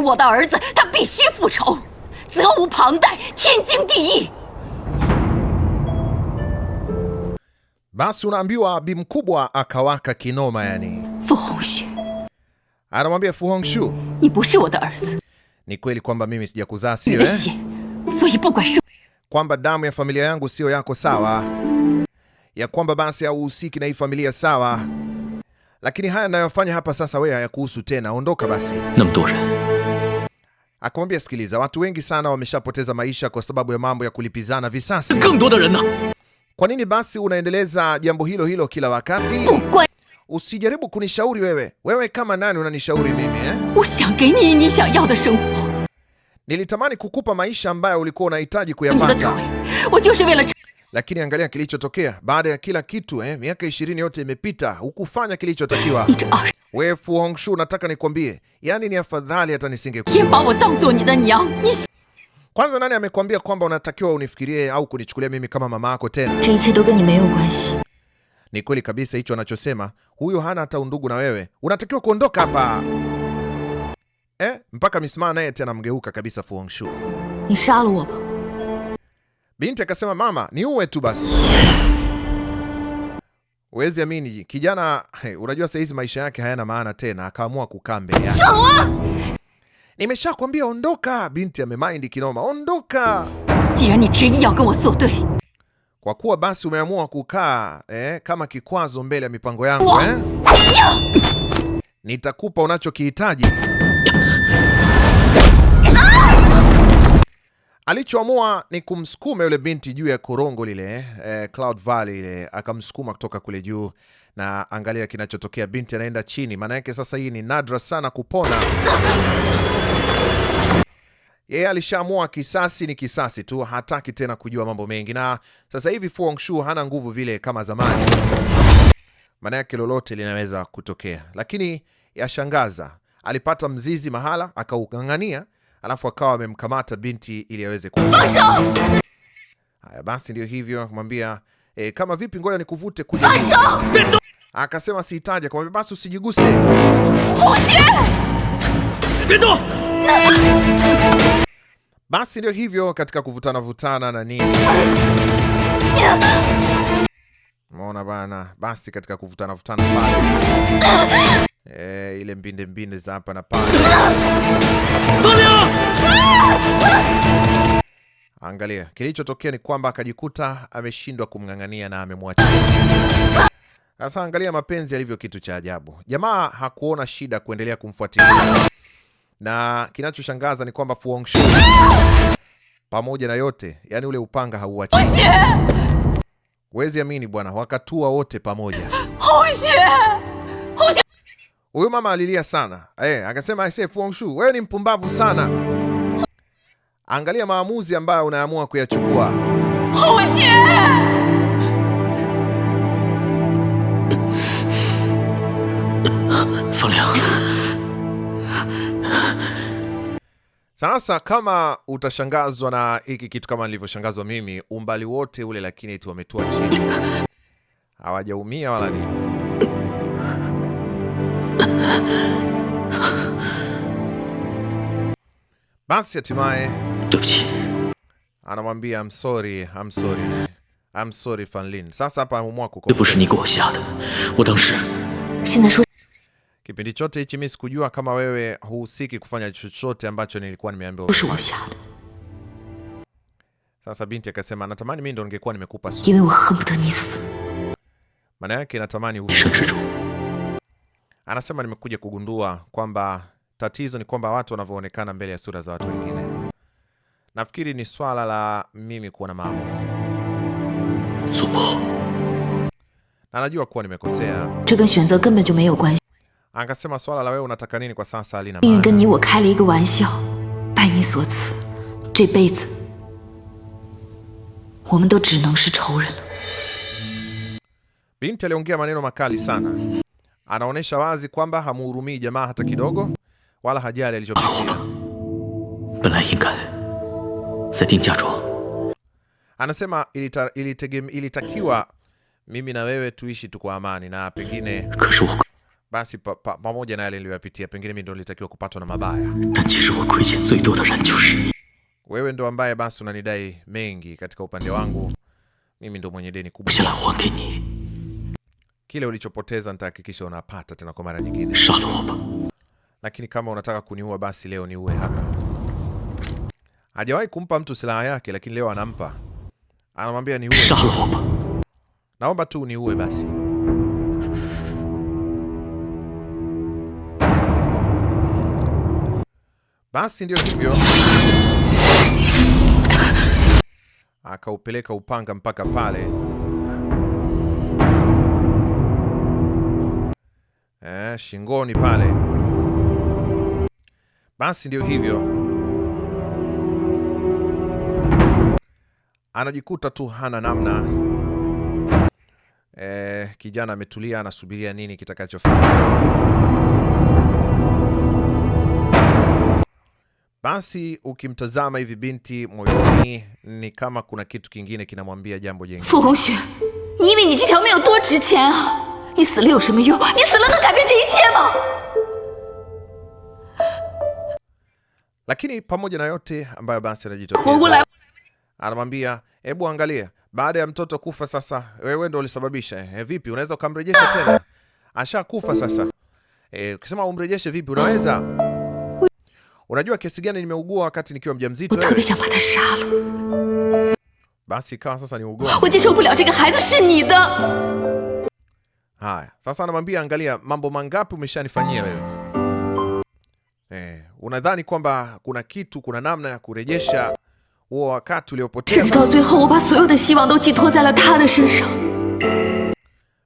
我的儿子，他必须复仇，责无旁贷，天经地义。Basi unaambiwa bi mkubwa akawaka kinoma, yani Fu Hongxue anamwambia Fu Hongxue, ni wo de ni kweli kwamba mimi sijakuzaa siwe, kwamba damu ya familia yangu yako sawa, ya kwamba basi hauhusiki na hii familia sawa, lakini haya ninayofanya hapa sasa wewe hayakuhusu tena, ondoka basi akamwambia sikiliza, watu wengi sana wameshapoteza maisha kwa sababu ya mambo ya kulipizana visasi. Kwa nini basi unaendeleza jambo hilo hilo kila wakati? Usijaribu kunishauri wewe. Wewe kama nani unanishauri mimi eh? Nilitamani kukupa maisha ambayo ulikuwa unahitaji kuyapata lakini angalia kilichotokea baada ya kila kitu eh, miaka ishirini yote imepita, hukufanya kilichotakiwa. We Fu Hongxue, nataka nikwambie, yani ni afadhali hata nisingekuwa. Kwanza, nani amekwambia kwamba unatakiwa unifikirie au kunichukulia mimi kama mama yako tena? Ni kweli kabisa hicho anachosema huyu, hana hata undugu na wewe, unatakiwa kuondoka hapa eh, mpaka misimaa naye tena mgeuka kabisa Fu Hongxue. Binti akasema mama, ni uwe tu basi. Uwezi amini kijana, unajua saa hizi maisha yake hayana maana tena, akaamua kukaa mbele yake. Nimesha kwambia ondoka. Binti amemind kinoma, ondoka. Kwa kuwa basi umeamua kukaa eh, kama kikwazo mbele ya mipango yangu eh, nitakupa unachokihitaji. alichoamua ni kumsukuma yule binti juu ya korongo lile, eh, Cloud Valley ile, akamsukuma kutoka kule juu, na angalia kinachotokea, binti anaenda chini. Maana yake sasa hii ni nadra sana kupona. Yeye alishaamua kisasi ni kisasi tu, hataki tena kujua mambo mengi, na sasa hivi Fu Hongxue hana nguvu vile kama zamani. Maana yake lolote linaweza kutokea, lakini yashangaza, alipata mzizi mahala akaugangania alafu akawa amemkamata binti ili aweze ku. Haya basi, ndio hivyo akamwambia e, eh, kama vipi, ngoja nikuvute kuja. Akasema sihitaji, akamwambia basi usijiguse. Basi ndio hivyo katika kuvutana vutana na nini. Mona bana, basi katika kuvutana vutana pale Eh, ile mbinde mbinde za hapa na pale. Angalia, kilichotokea ni kwamba akajikuta ameshindwa kumng'ang'ania na amemwacha. Sasa angalia mapenzi yalivyo kitu cha ajabu. Jamaa hakuona shida kuendelea kumfuatilia. Na kinachoshangaza ni kwamba Fu Hongxue pamoja na yote, yani ule upanga hauachi. Wezi amini bwana, wakatua wote pamoja. Hongxue Huyu mama alilia sana eh, akasema aisee, Fu wewe ni mpumbavu sana. Angalia maamuzi ambayo unaamua kuyachukua. Sasa kama utashangazwa na hiki kitu kama nilivyoshangazwa mimi, umbali wote ule, lakini eti wametua chini, hawajaumia wala nini. Basi hatimaye anamwambia I'm sorry, I'm sorry. I'm sorry Lin. Sasa hapa ameamua Kipindi chote hichi mimi sikujua kama wewe huhusiki kufanya chochote ambacho nilikuwa nimeambiwa. Sasa binti akasema natamani mimi ndo ningekuwa nimekupa. Maana yake natamani Anasema nimekuja kugundua kwamba tatizo ni kwamba watu wanavyoonekana mbele ya sura za watu wengine. Nafikiri ni swala la mimi kuwa na maamuzi, na najua kuwa nimekosea. Angasema swala la wewe unataka nini kwa sasa halina maana. Binti aliongea maneno makali sana anaonyesha wazi kwamba hamuhurumii jamaa hata kidogo, wala hajali alichopitia. Anasema ilita, ilitakiwa mimi na wewe tuishi tu kwa amani na pengine basi pamoja pa, na yale niliyoyapitia pengine mimi ndo nilitakiwa kupatwa na mabaya. Wewe ndo ambaye basi unanidai mengi katika upande wangu, mimi ndo mwenye deni kubwa. Kile ulichopoteza nitahakikisha unapata tena kwa mara nyingine. Lakini kama unataka kuniua basi leo niue hapa. Hajawahi kumpa mtu silaha yake lakini leo anampa. Anamwambia niue. Naomba tu niue basi. Basi ndio hivyo. Akaupeleka upanga mpaka pale. eh, shingoni pale. Basi ndio hivyo, anajikuta tu hana namna eh, kijana ametulia, anasubiria nini kitakachofanya. Basi ukimtazama hivi binti moyoni ni kama kuna kitu kingine kinamwambia jambo jingine. 你死了有什么用？你死了能改变这一切吗？Lakini pamoja na yote ambayo basi anajitokeza, anamwambia hebu angalia, baada ya mtoto kufa, sasa wewe ndo ulisababisha. E, vipi unaweza ukamrejesha tena? Ashakufa sasa. E, ukisema umrejeshe vipi unaweza? Unajua kesi gani nimeugua wakati nikiwa mjamzito wewe. Basi ikawa sasa ni ugomvi. Haya, sasa anamwambia angalia, mambo mangapi umeshanifanyia wewe. Eh, unadhani kwamba kuna kitu, kuna namna ya kurejesha huo wakati uliopotea?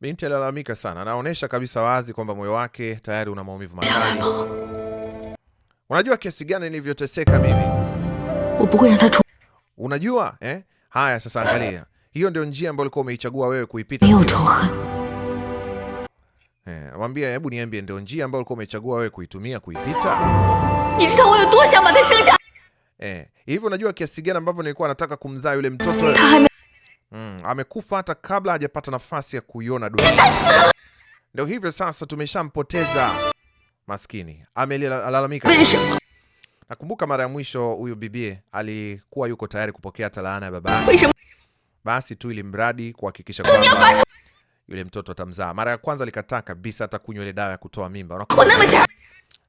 Binti alilalamika sana, anaonyesha kabisa wazi kwamba moyo wake tayari una maumivu makali. Unajua kiasi gani nilivyoteseka mimi? Unajua eh? Haya, sasa angalia, hiyo ndio njia ambayo ulikuwa umeichagua wewe kuipita. Eh, wambia hebu niambie ndio njia ambayo ulikuwa umechagua wewe kuitumia kuipita? Eh, hivi unajua kiasi gani ambavyo nilikuwa nataka kumzaa yule mtoto. Mm, amekufa hata kabla hajapata nafasi ya kuiona dunia. Ndio hivyo sasa tumeshampoteza. Maskini. Amelalamika. Nakumbuka mara ya mwisho huyu bibie alikuwa yuko tayari kupokea talaana ya baba. Basi tu ili mradi kuhakikisha kwamba yule mtoto atamzaa. Mara ya kwanza alikataa kabisa hata kunywa ile dawa ya kutoa mimba.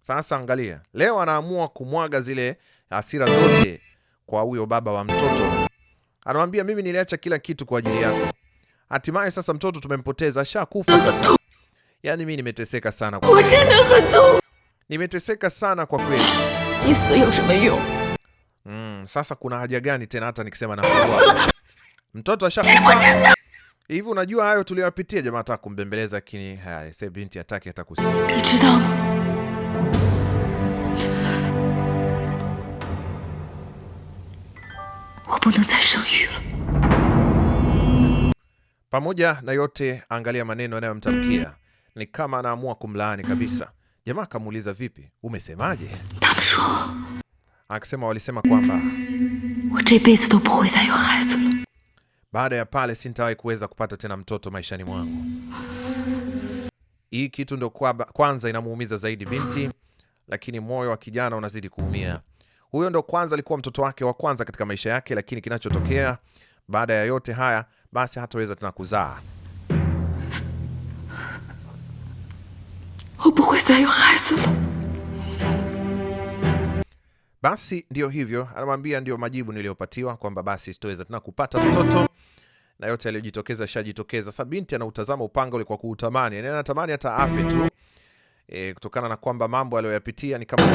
Sasa angalia, leo anaamua kumwaga zile hasira zote kwa huyo baba wa mtoto, anamwambia mimi niliacha kila kitu kwa ajili yako. Hatimaye sasa mtoto tumempoteza, ashakufa sasa. Yani mimi nimeteseka sana kwa kweli, nimeteseka sana kwa kweli. Mm, sasa kuna haja gani tena hata nikisema na mtoto ashakufa Hivi unajua hayo tuliyopitia, jamaa ataka kumbembeleza, lakini haya, sasa binti ataki hata kusikia. Pamoja na yote, angalia maneno yanayomtamkia ni kama anaamua kumlaani kabisa. Jamaa akamuuliza, vipi, umesemaje? Akasema, walisema kwamba baada ya pale sintawahi kuweza kupata tena mtoto maishani mwangu. Hii kitu ndo kwa kwanza inamuumiza zaidi binti, lakini moyo wa kijana unazidi kuumia. Huyo ndo kwanza alikuwa mtoto wake wa kwanza katika maisha yake, lakini kinachotokea baada ya yote haya, basi hataweza tena kuzaa. Basi ndio hivyo, anamwambia ndio majibu niliyopatiwa kwamba basi sitoweza tena kupata mtoto na yote yaliyojitokeza yashajitokeza. Sasa binti anautazama upanga ule kwa kuutamani, yani anatamani hata afe tu e, kutokana na kwamba mambo aliyoyapitia ni kama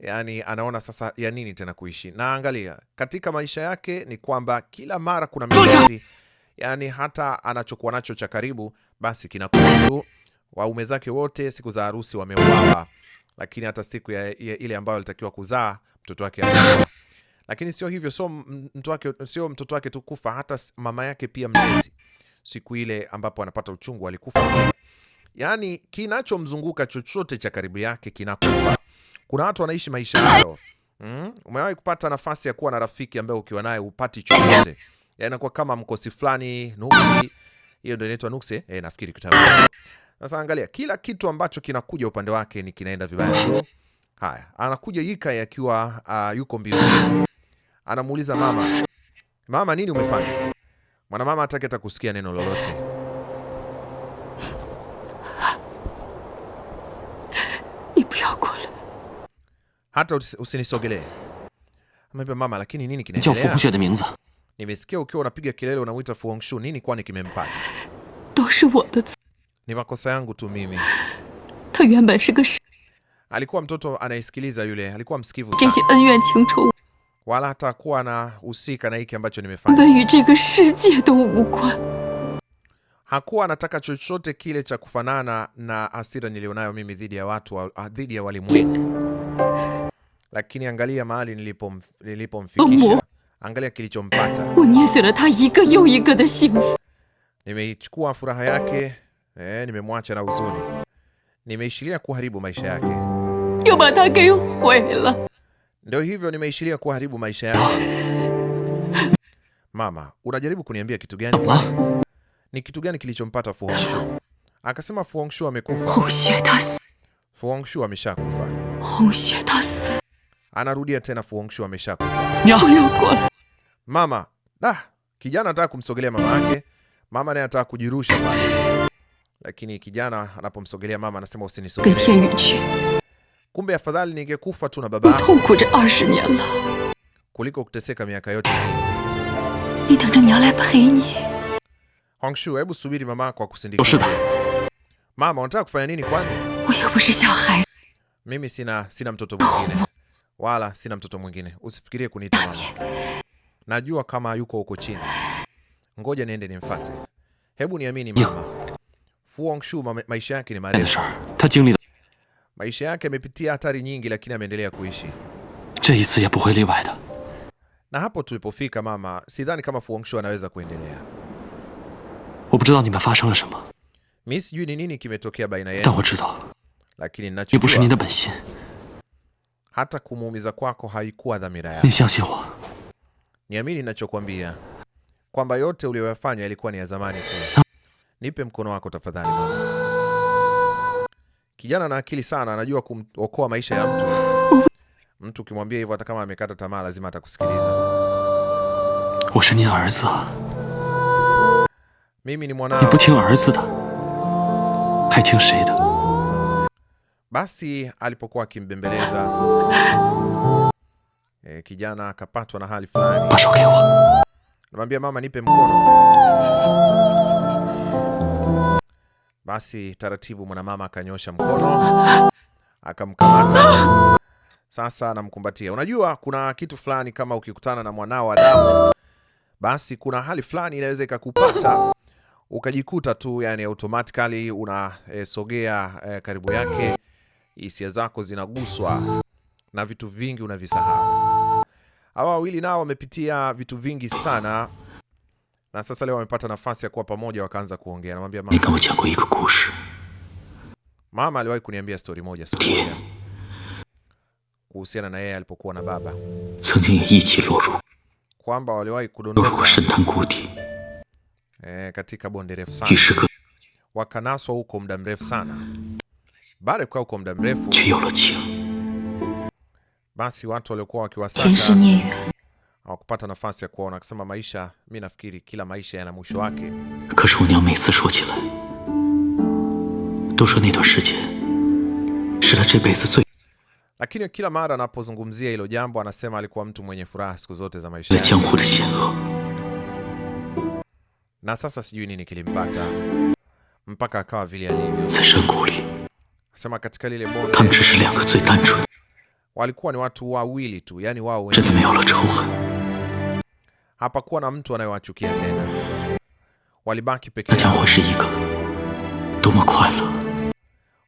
yani, anaona sasa ya nini tena kuishi. Na angalia katika maisha yake ni kwamba kila mara kuna migezi, yani hata anachokuwa nacho cha karibu basi kinakuwa tu. Waume zake wote siku za harusi wameuawa lakini hata siku ya, ya ile ambayo alitakiwa kuzaa mtoto wake lakini sio hivyo, sio mtoto wake, sio mtoto wake tu kufa, hata mama yake pia mlezi, siku ile ambapo anapata uchungu alikufa. Yani kinachomzunguka chochote cha karibu yake kinakufa. Kuna watu wanaishi maisha hayo mm. Umewahi kupata nafasi ya kuwa na rafiki ambaye ukiwa naye upati chochote, yanakuwa yaani kama mkosi fulani, nuksi. Hiyo ndio inaitwa nuksi, eh, nafikiri kitabu sasa angalia kila kitu ambacho kinakuja upande wake ni kinaenda vibaya. Haya, anakuja Yikai akiwa uh, yuko mbioni, anamuuliza mama, mama, nini umefanya? Mwana mama hataki hata kusikia neno lolote. Hata usinisogelee. Amemwambia mama, lakini nini kinaendelea? Nimesikia ukiwa unapiga kelele unamuita Fu Hongxue, nini kwani kimempata? Ni makosa yangu tu mimi. Alikuwa mtoto anayesikiliza yule, alikuwa msikivu sana. Wala hata kuwa husika na hiki ambacho nimefanya. Hakuwa anataka chochote kile cha kufanana na hasira nilionayo mimi dhidi ya watu, ah, dhidi ya walimwengu. Lakini angalia mahali nilipomfikisha. Nilipo Angalia kilichompata. Nimeichukua furaha yake eh, nimemwacha na huzuni, nimeishiria kuharibu maisha yake. Ndio hivyo, nimeishiria kuharibu maisha yake. Mama, unajaribu kuniambia kitu gani? Ni kitu gani kilichompata Fu Hongxue? Akasema Fu Hongxue amekufa. Fu Hongxue ameshakufa. Anarudia tena Fu Hongxue ameshakufa. Mama, da, kijana anataka kumsogelea mama yake. Mama naye anataka kujirusha pale lakini kijana anapomsogelea mama anasema usinisogelee. Kumbe afadhali ningekufa tu na baba kuliko kuteseka miaka yote. Hongshu, hebu subiri mama kwa kusindikiza. Mama, unataka kufanya nini kwani? Mimi sina sina mtoto mwingine. Wala sina mtoto mwingine. Usifikirie kuniita mama. Najua kama yuko huko chini. Ngoja niende nimfuate. Hebu niamini mama. Fu Hongxue maisha yake ni marefu. Maisha yake yamepitia hatari nyingi lakini ameendelea kuishi. Na hapo tulipofika mama, sidhani kama Fu Hongxue anaweza kuendelea. Mimi sijui ni nini kimetokea baina yenu. Lakini ninachojua hata kumuumiza kwako haikuwa dhamira yako. Niamini ninachokwambia kwamba yote uliyoyafanya yalikuwa ni ya zamani tu. Nipe mkono wako tafadhali. Kijana ana akili sana, anajua kuokoa maisha ya mtu. Mtu ukimwambia hivyo, hata kama amekata tamaa, lazima atakusikiliza. Mimi ni mwanao. Basi alipokuwa akimbembeleza e, kijana akapatwa na hali fulani. Namwambia mama, nipe mkono basi taratibu mwanamama akanyosha mkono akamkamata, sasa anamkumbatia. Unajua kuna kitu fulani kama ukikutana na mwanao wa damu, basi kuna hali fulani inaweza ikakupata ukajikuta tu yani automatically unasogea eh, e, eh, e, karibu yake, hisia zako zinaguswa na vitu vingi unavisahau. Hawa wawili nao wamepitia vitu vingi sana na sasa leo wamepata nafasi ya kuwa pamoja, wakaanza kuongea. Namwambia mama, mama aliwahi kuniambia stori moja kuhusiana na yeye alipokuwa na baba kwamba waliwahi kudondoka e, katika bonde refu sana, wakanaswa huko muda mrefu sana. Baada ya kukaa huko muda mrefu, basi watu waliokuwa wakiwasaka hawakupata nafasi ya kuona. Akasema maisha, mi nafikiri kila maisha yana mwisho wake. Lakini kila mara anapozungumzia hilo jambo anasema alikuwa mtu mwenye furaha siku zote za maisha yake. Na sasa sijui nini kilimpata mpaka akawa vile alivyo. katika lile bonde walikuwa ni watu wawili tu, yani wao wenyewe Hapakuwa na mtu anayewachukia tena, walibaki peke yao.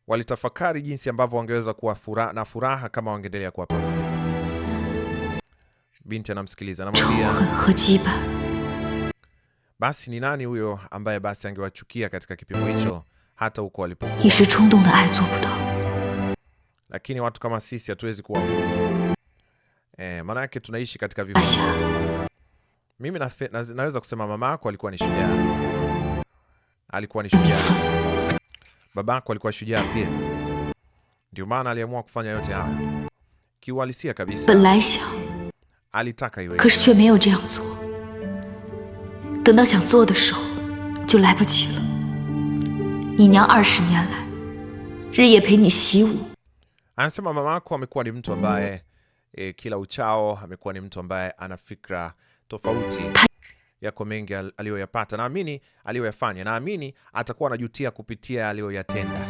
Walitafakari jinsi ambavyo wangeweza kuwa fura, na furaha kama wangeendelea kuwa pamoja. Binti anamsikiliza anamwambia, basi ni nani huyo ambaye basi angewachukia katika kipimo hicho hata huko walipokuwa? Lakini watu kama sisi hatuwezi kuwa huru. Eh, maana yake tunaishi katika vifungo. Mimi naweza kusema mama yako alikuwa ni shujaa, alikuwa ni shujaa. Baba yako alikuwa shujaa pia, ndio maana aliamua kufanya yote haya. Kiuhalisia kabisa alitaka iwe, anasema mama yako amekuwa ni mtu ambaye e, kila uchao amekuwa ni mtu ambaye ana fikra tofauti yako mengi aliyoyapata, naamini aliyoyafanya, naamini atakuwa anajutia kupitia aliyoyatenda.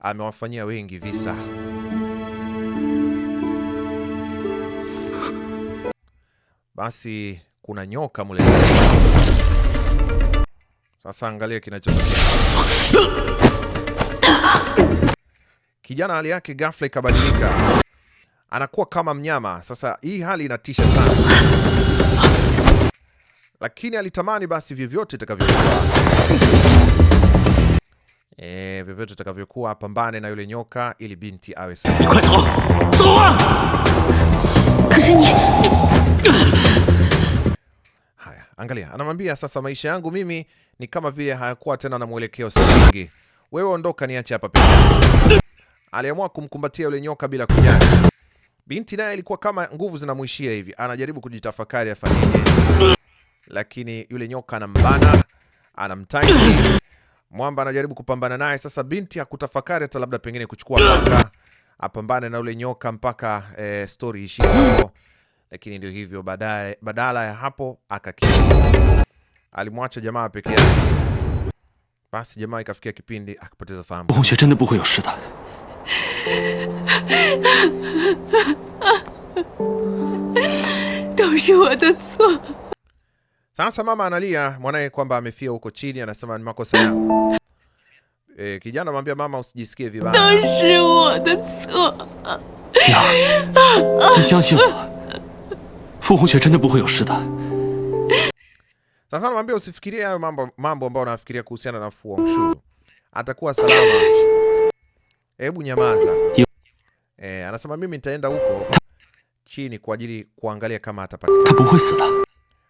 Amewafanyia wengi visa. Basi kuna nyoka mule. Sasa angalia kinachotokea. Kijana hali yake ghafla ikabadilika, anakuwa kama mnyama. Sasa hii hali inatisha sana lakini alitamani basi vyovyote itakavyokuwa, eh, vyovyote itakavyokuwa apambane na yule nyoka ili binti awe Haya, angalia, anamwambia sasa, maisha yangu mimi ni kama vile hayakuwa tena na mwelekeo sahihi. Wewe ondoka, niache hapa pia. Aliamua kumkumbatia yule nyoka bila kujali. Binti naye ilikuwa kama nguvu zinamwishia hivi, anajaribu kujitafakari afanyeje lakini yule nyoka anambana, anamtangi Mwamba anajaribu kupambana naye. Sasa binti akutafakari hata labda pengine kuchukua panga apambane na yule nyoka mpaka e, eh, stori ishi hapo, lakini ndio hivyo, baadaye badala ya hapo akakimbia, alimwacha jamaa peke yake. Basi jamaa ikafikia kipindi akapoteza fahamu. Sasa mama analia mwanae kwamba amefia huko chini, anasema ni makosa yangu. E, kijana anamwambia mama, usijisikie vibaya. Sasa anamwambia usifikirie hayo mambo mambo ambayo unafikiria kuhusiana na Fu Hongxue. Atakuwa salama. Hebu nyamaza. E, anasema mimi nitaenda huko chini kwa ajili kuangalia kama atapatikana.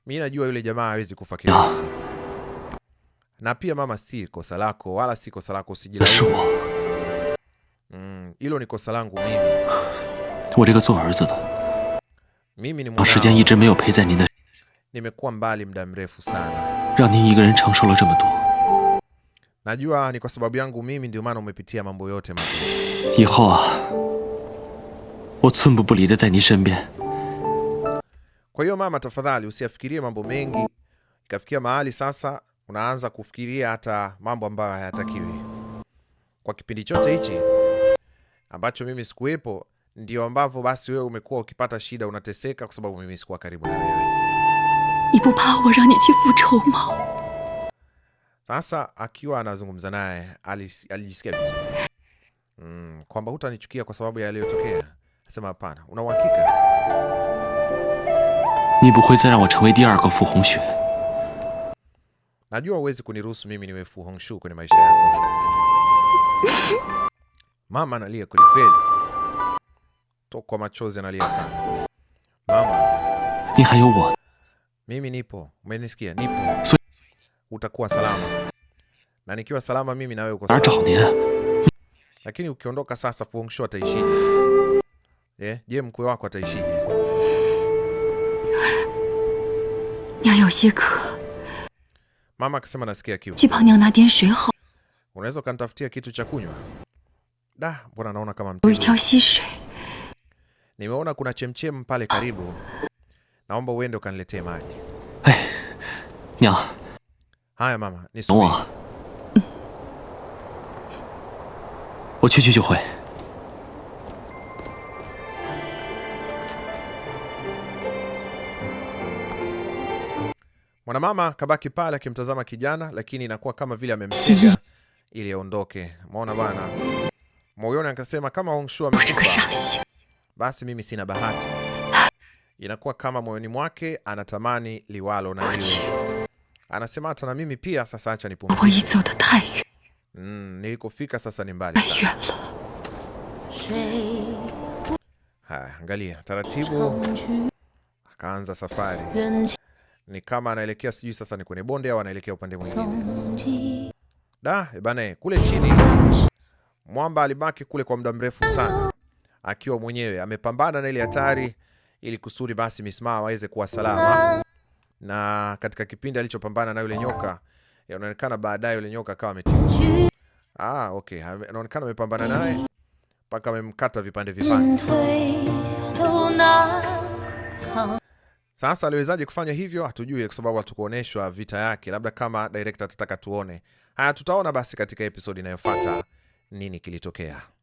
Mi najua yule jamaa hawezi kufa kirahisi, na pia mama, si kosa lako wala si kosa lako, usijilaumu. Mm, hilo ni kosa langu mimi. Mimi ni nimekuwa mbali muda mrefu sana. Najua ni kwa sababu yangu mimi, ndio maana umepitia mambo yote mabaya. Kwa hiyo mama, tafadhali usiafikirie mambo mengi, ikafikia mahali sasa unaanza kufikiria hata mambo ambayo hayatakiwi. Kwa kipindi chote hichi ambacho mimi sikuwepo, ndio ambavyo basi wewe umekuwa ukipata shida, unateseka kwa sababu mimi sikuwa karibu na wewe. Sasa akiwa anazungumza naye alijisikia vizuri mm, kwamba hutanichukia kwa sababu ya yaliyotokea. Sema hapana, una uhakika? 你不会再让我成为第二个傅红雪。Najua uwezi kuniruhusu mimi niwe Fu Hongxue kwenye maisha yako. Mama analia kwelikweli, machozi, analia sana. Mama, ni hayo, mimi nipo, umenisikia? Nipo, utakuwa salama, na nikiwa salama mimi uko salama. Lakini ukiondoka sasa, Fu Hongxue ataishije? Eh, je, mkwe wako ataishije? 娘有些渴，去帮娘拿点水好。有一条溪水。哎，娘，等我，我去去就回。mama kabaki pale akimtazama kijana, lakini inakuwa kama vile amemtega ili aondoke. Umeona bwana, moyoni akasema kama Hongshu amekufa basi mimi sina bahati. Inakuwa kama moyoni mwake anatamani liwalo na liwe, anasema hata na mimi pia sasa, acha nipumzike. Mm, nilikofika sasa ni mbali Haya, angalia taratibu, akaanza safari ni kama anaelekea sijui sasa ni kwenye bonde au anaelekea upande mwingine. Da, eh, bana eh, kule chini mwamba alibaki kule kwa muda mrefu sana akiwa mwenyewe amepambana na ile hatari ili kusudi basi Misma aweze kuwa salama, na katika kipindi alichopambana na yule nyoka inaonekana baadaye yule nyoka akawa ametimia. Ah, okay, anaonekana amepambana naye mpaka amemkata vipande vipande. Sasa aliwezaje kufanya hivyo? Hatujui kwa sababu hatukuoneshwa vita yake, labda kama director atataka tuone. Haya, tutaona basi katika episodi inayofuata nini kilitokea.